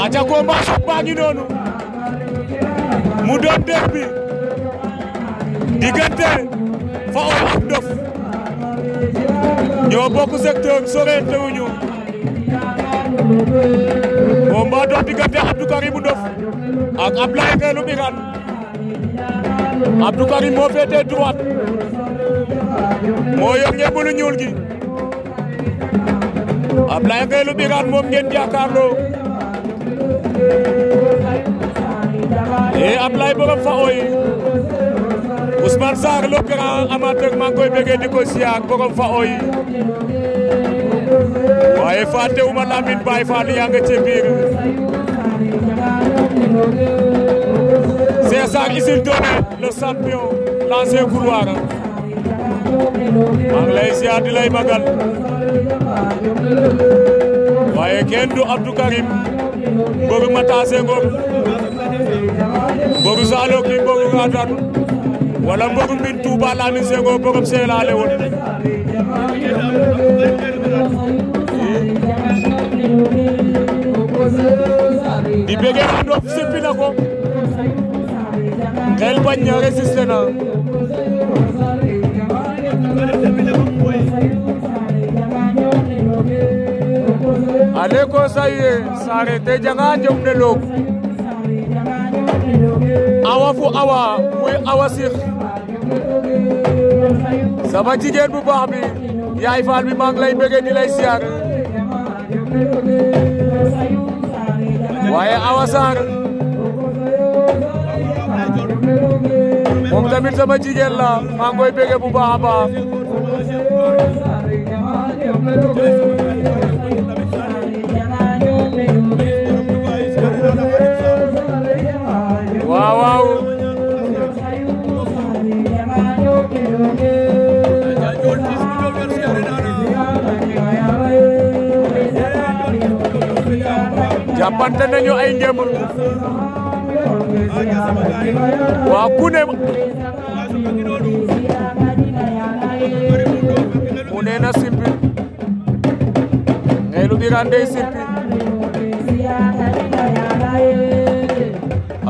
Aja combat masuk pagi ngi mudah mu derby diggante faul ak Ndof ñoo bokk secteur sorente wuñu combat dox diggante Abdou Karim Ndof ak Ablaye lu Birane Abdou Karim mo fete droite moo yor ngeen bu lu ñuul gi Ablaye lu Birane mom ngeen jàkkaarloo e Ablaye borom fa ooy Ousmane Sarr le grand amateur maa koy bëggee di ko siyaar borom fa ooy waaye fàttewuma Lamine Baye Fall yaa nga ca biir Isil Doné le champion l'ancien couloir maa ngi siyaar di lay magal waaye kenn du Abdou Karim Boru Matase ngoog Boru Salo ki Boru Ngadan wala Boru Mbin Touba Lamine Senghor borom seelaale woon di bëggee Ndof sippi na ko xel bañ na résisté na ale ko saye sarete janga jom ne log awa fu awa muy awa six sama jigéen bu baax yaay faal bi maa lay bëgg di lay siyaar waaye awa saar moom tamit sama la maa koy bëgg bu baax a lambante nañu ne mu nee na simpi ngay lu biraan dey simpi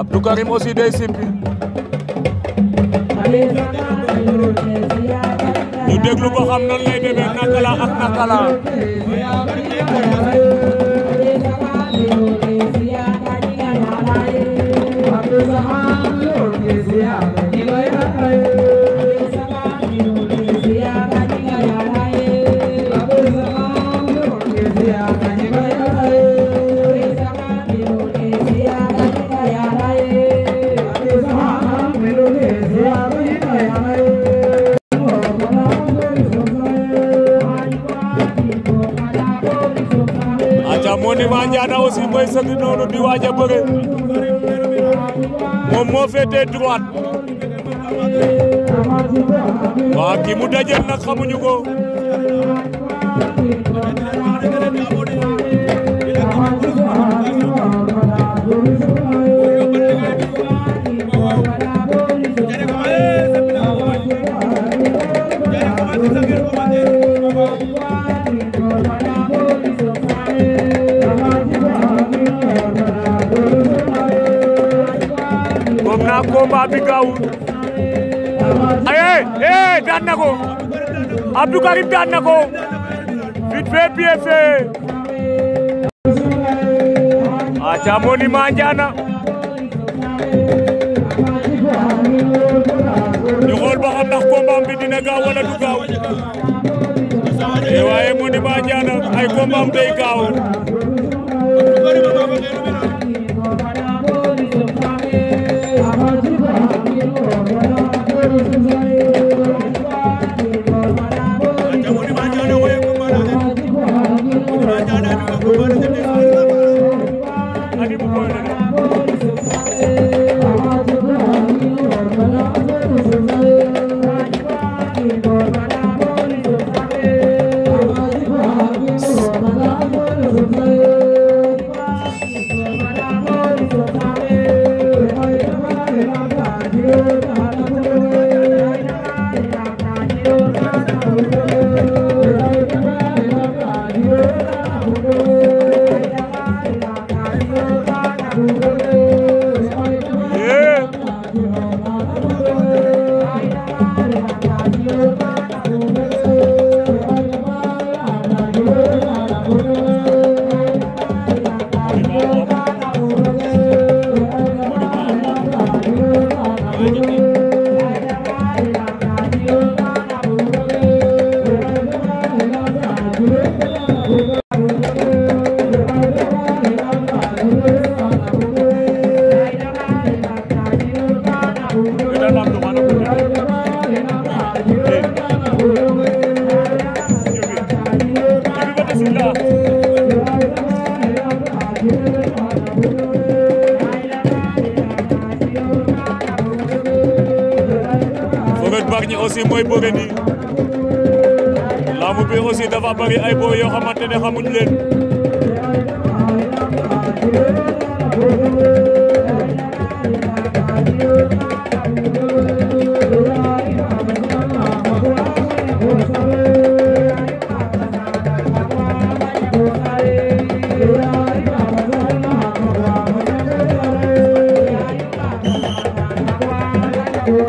Abdou Karim aussi dey simpi ñu déglu ba xam nan lay demee naka la ak naka waaj a bëre moom moo féetee droite waa ki mu dajeel nag xamuñu ko. a na ko Abdou Karim xool ba xam bi dina gaaw wala du eh làmb bi aussi dafa bari ay boo yoo xamante ne xamuñ leen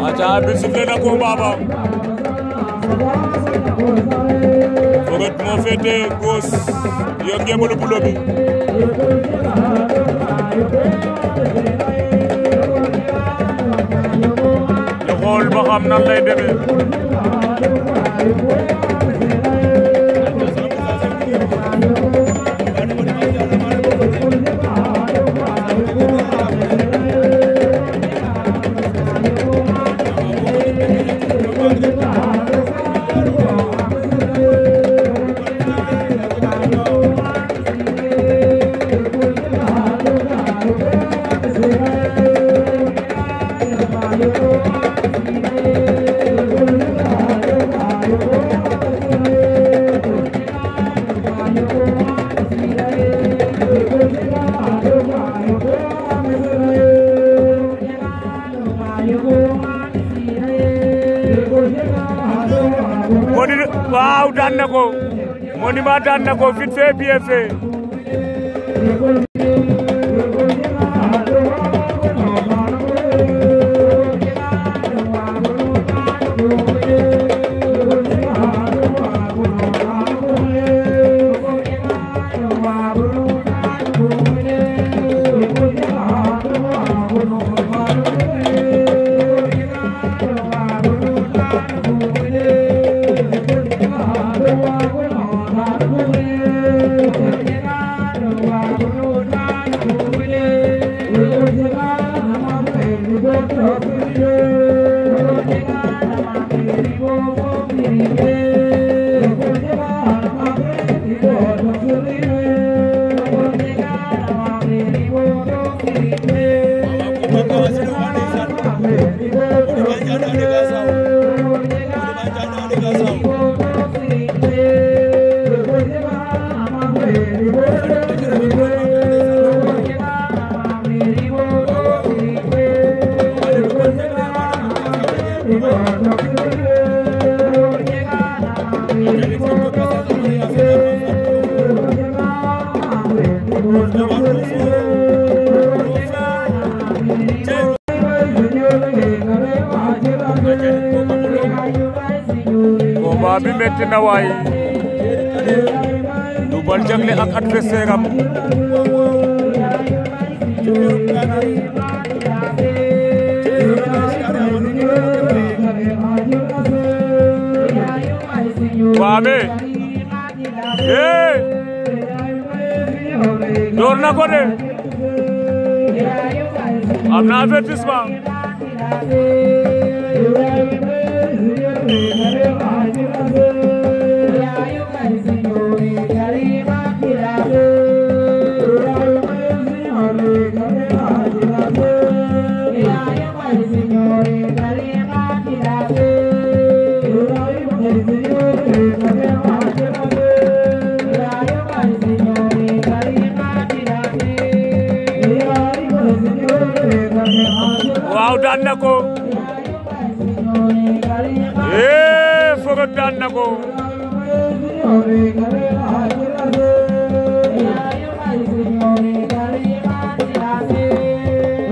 aca arbitre féetee gauche yor ngeemalu bulo bi ñu xool ba xam nan lay demee Tapha daan na ko vite fait bien fait भाभी में चिन्हवाई दुबल जंगले अखट फिर से बाबे ए जोर ना करे अब ना फिर जिसमा ko ee eh, Feugeuk daan na ko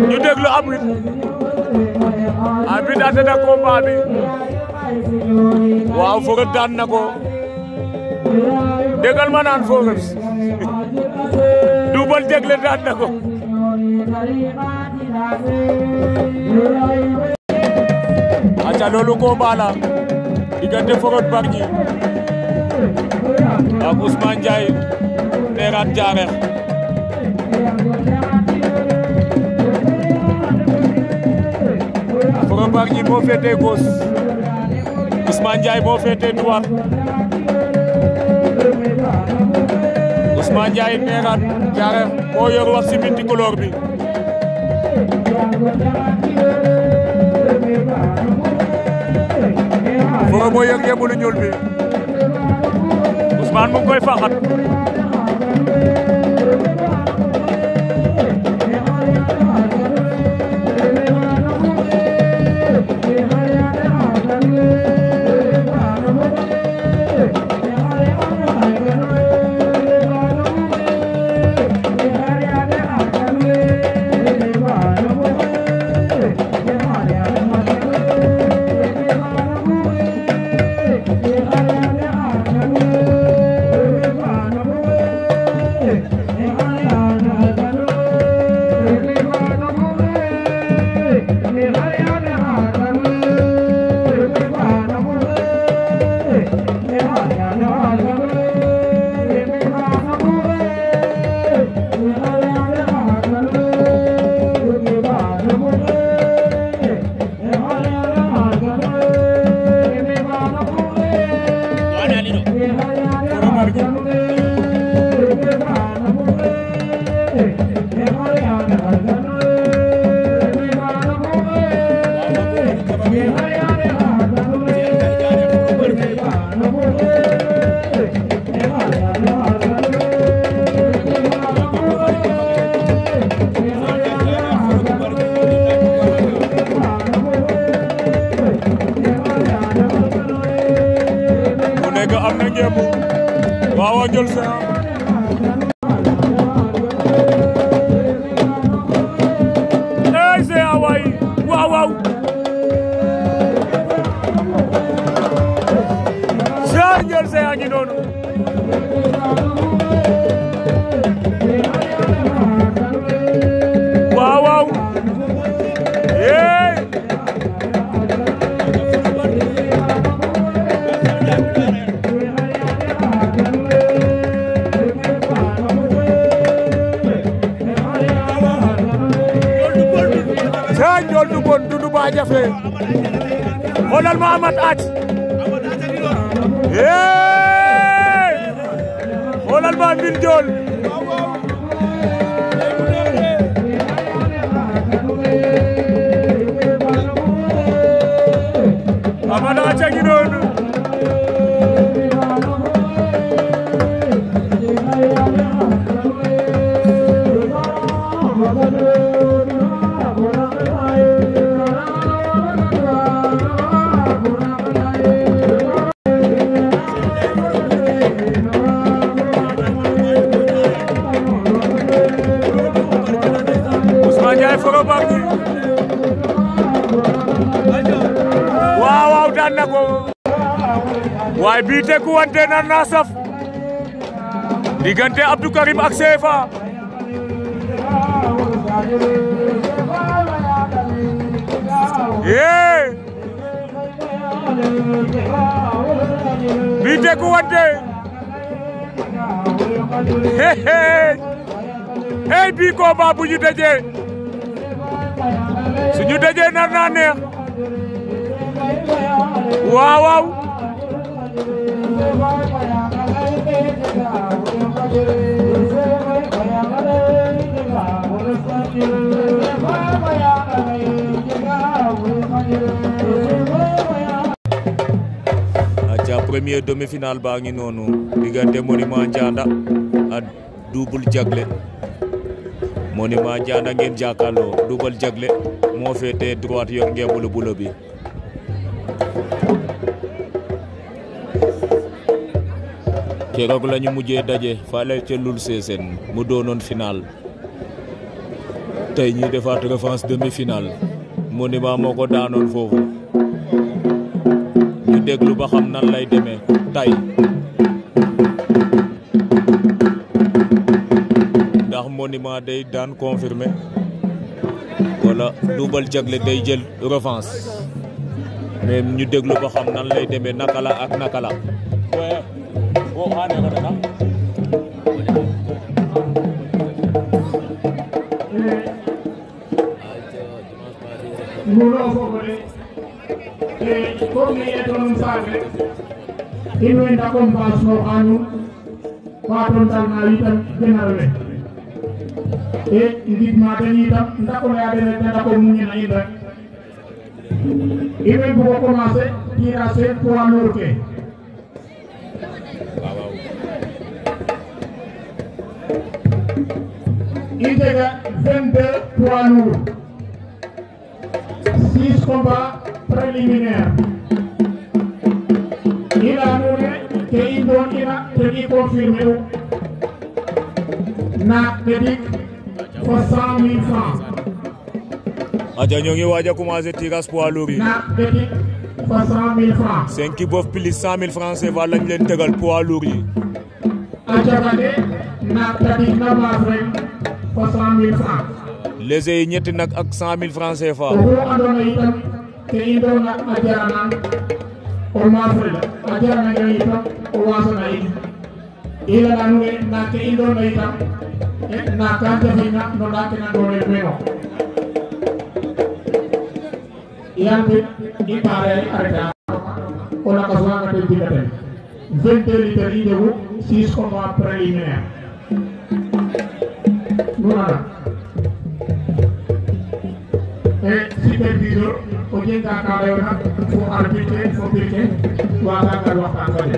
ñu déglu abit abit ate na combat bi waaw Feugeuk daan na ko dégal ma naan Feugeuk Double Deglé daan na ko aca loolu combat la diggante Forod Bargny ak Ousmane Ndiaye Peeraat Jaareex Forod Bargny moo féetee gauche Ousmane Ndiaye moo féetee droite Ousmane Ndiaye Peeraat Jaareex moo yor wax si minti couleur bi Feu Boy ak Ngembou lu ñuul bi Ousmane mu ngi koy faxat Amat Aaj yee xoolal ma Mbine Ndiol Amat Aaj a ngi noonu daan na ko waaye wante nar naa saf diggante Abdou ak CFA yee bii tekku wante hehe hey bii combat bu ñu dajee su ñu nar naa neex waaw waaw aca premier demi-finale baa ngi noonu diggante Monument Ndianda ak Double Diaglé Monument Ndianda ngeen jàkkaarloo Double Diaglé moo féetee droite yor ngeembalu bulo bi keroog la ñu mujjee daje fale ca Loul Sessène mu doonoon final tey ñuy defaat revanche demi-finale Monument moo ko daanoon foofu ñu déglu ba xam nan lay demee tay ndax Monument day daan confirmé wala Double Diaglé day jël revanche mais ñu déglu ba xam nan lay demee naka la ak naka la. mbuɗo fofore e comme ye toon saage imen accompagnement anum fa toon tan a witan denal le e gidma tan yitam dakonoyaɗene tan dako muñena in rek yéen bu ko commencé tirage seen poids lourd ke i jega 22 poids lourds 6 combats préliminaires i leya nuune ke i doon ina ten i confirmer u naak ke dik fo 100 000 francs aja ñoo ngi waaj a commencé tirage poids lourd yi cinq bof plus cent mille francs CFA lañ leen tegal poids lourd yi léger yi ñetti nag ak cent mille francs CFA ila nange nake indona itam e na kante fina no ndake nandone kueno या फिर नहीं पा रहे अरे ओला कसवा का कोई दिक्कत है जिन के लिए तेरी देव शीश को माफ कर ली मैं नूना ए सीपे दीजो ओजें का कार्य ना वो आर्बिट्रेट वो फिर के वादा करवा पाकर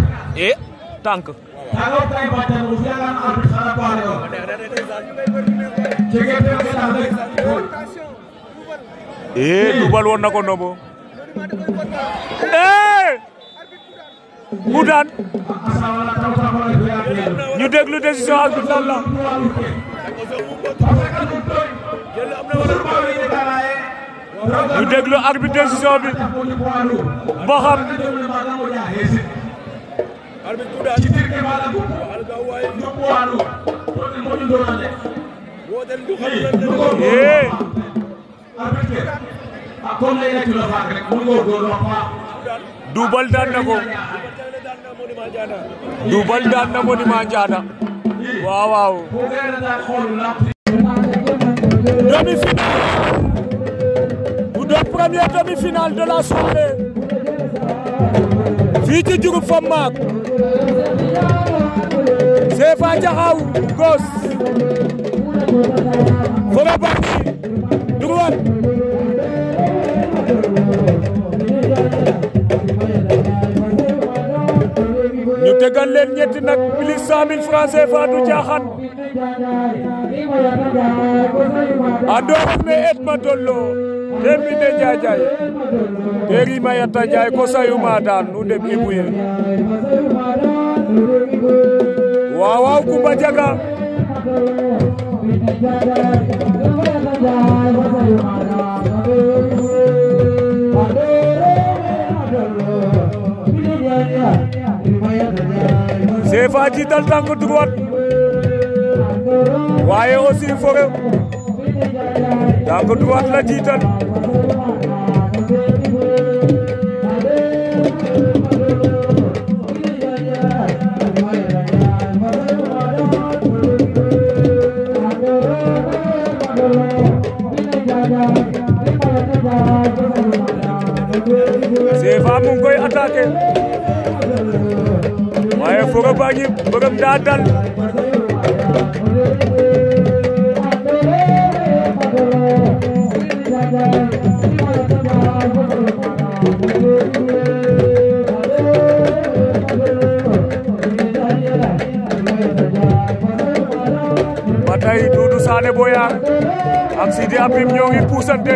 e tànk talo tay baten o fiyagan arbitre xana paare ñu déglu décision arbitre lan ci biir Kéemaadou ñu puwaanu loolu moo ñu doon def lii du góor góor eh. arbitre ah comme lay nekk la faak rek mu góor góor wax waaw. Ah. Duubal daan na ko Duubal daan na ko ni maa jaana waaw waaw. demi-finale bu doon première demi-finale de la soirée. fii ci Diouroup Fam Maak Sefa Diakhao gos Fodé Bargny droite ñu tegal leen ñetti nag plus cent mille a doxam et ma tolloo Emine Jajay deri Mayata Jay Kosa Yumadan Unde Bibuye ku bajaga Sefaji dal tangu duwat Waye osi fore Tangu duwat la jital zake waaye foga baa ngi bëggam daa dal ba tey Doudou Sané Boyang ak Sidi Abim ñoo ngi puusante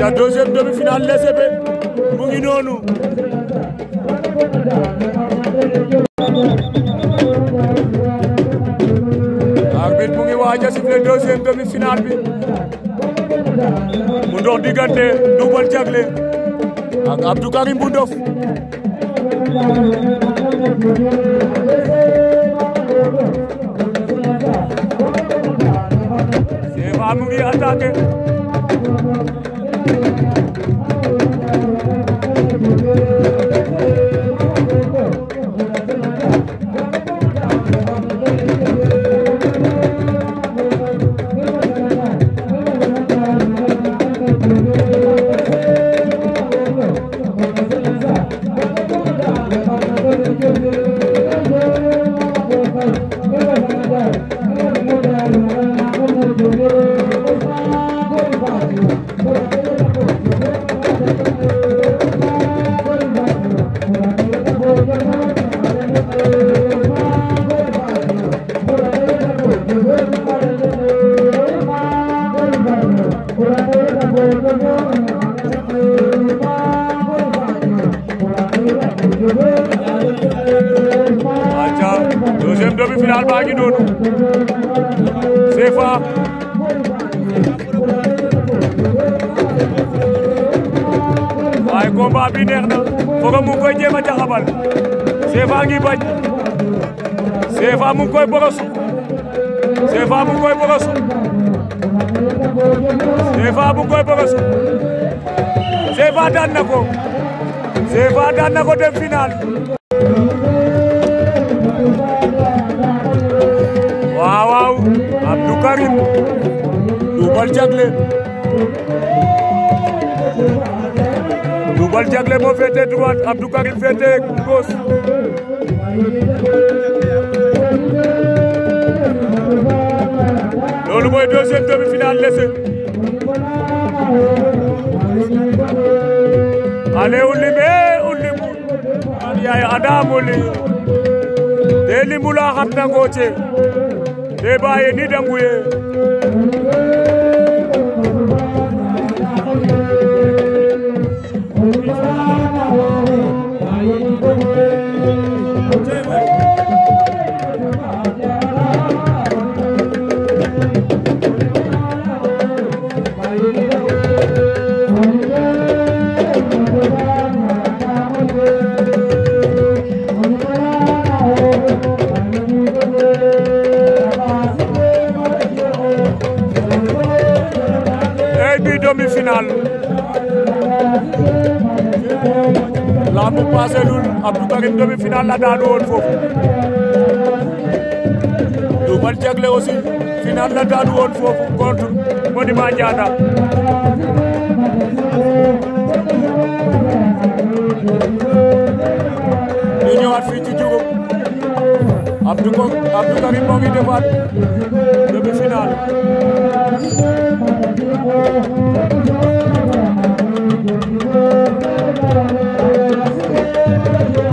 ca deuxième demi-finale laissé be mu ngi noonu arbitre mu ngi waaj a sifflé deuxième demi-finale bi mu dox diggante Double Diaglé ak Abdou Karim bu Ndof Sefa mu ngi attaqué Fall CFA ngi bañ koy borosu CFA koy borosu CFA koy borosu CFA na ko CFA na ko dem final waaw waaw Abdou Karim Fall Diaglé moo féetee droite Abdou Karim féetee gauche loolu mooy deuxième demi-finale lese ale u lime u limu an yaay adamu li te limu la xam na ngooce te baaye ni danguye demi-finale lamb bu passé lul Abdou Karim demi-finale la daanu woon foofu Double Diaglé aussi finale la daanu woon foofu contre Monument Ndianda ñu ñëwaat fii ci Diouroup Abdou Karim moo ngi defaat demi-finale Thank you.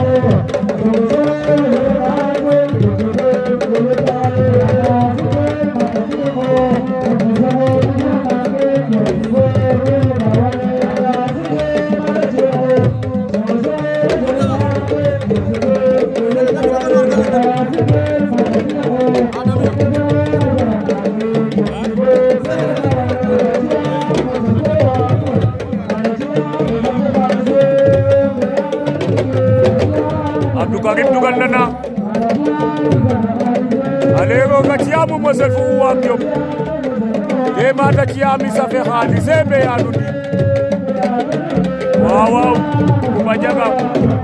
Hamisa Ferrari, Zembe Aludi. Wow, wow, Kubajaga.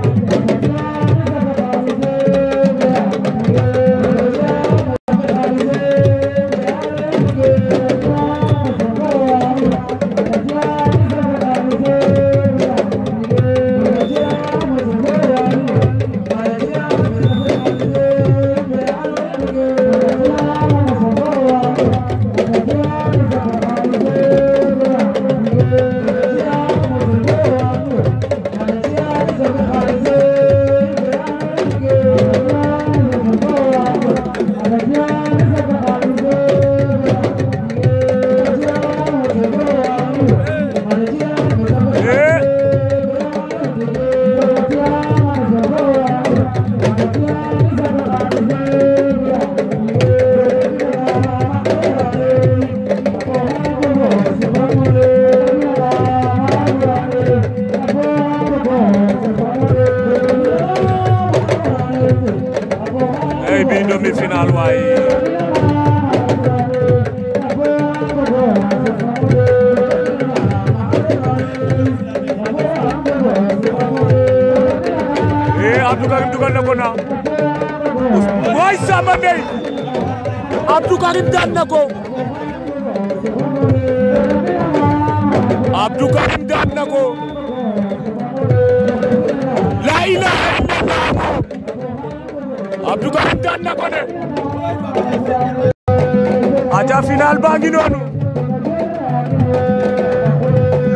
a final baa ngi noonu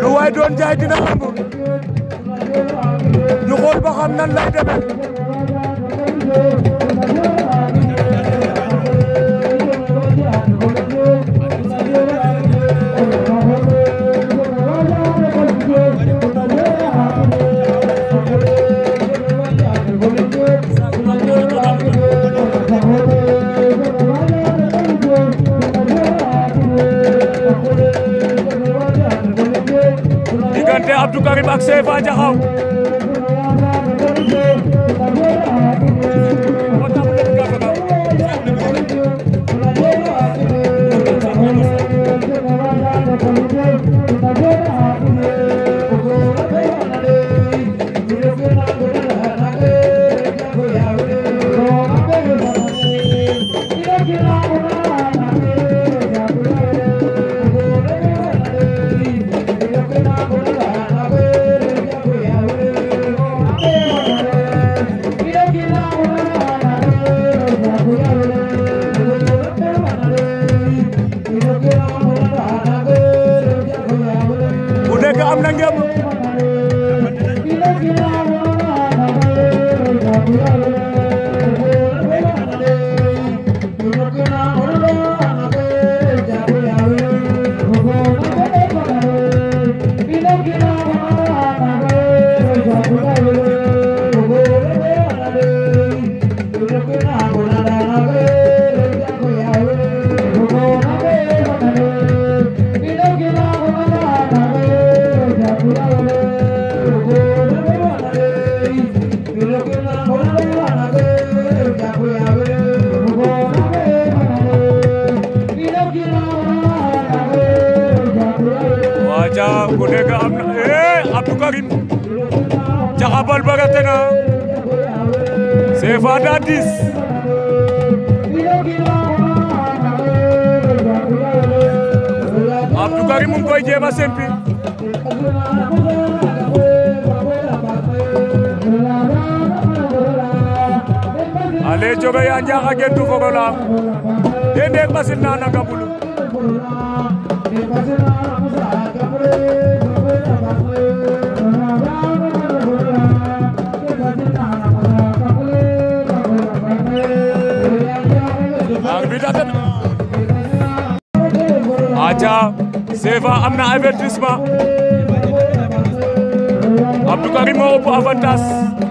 lu waay doon dina am ñu xool ba nan lay demee Abdou Karim ak CFA Diakhao Thank you. Father this. Abdou Karim mu ngi koy jéem a sempi. Ale joge ya gentu fogola. dendeng basil na nanga bulu. Reva am na avertissement Abdou Karim moo ëpp avantage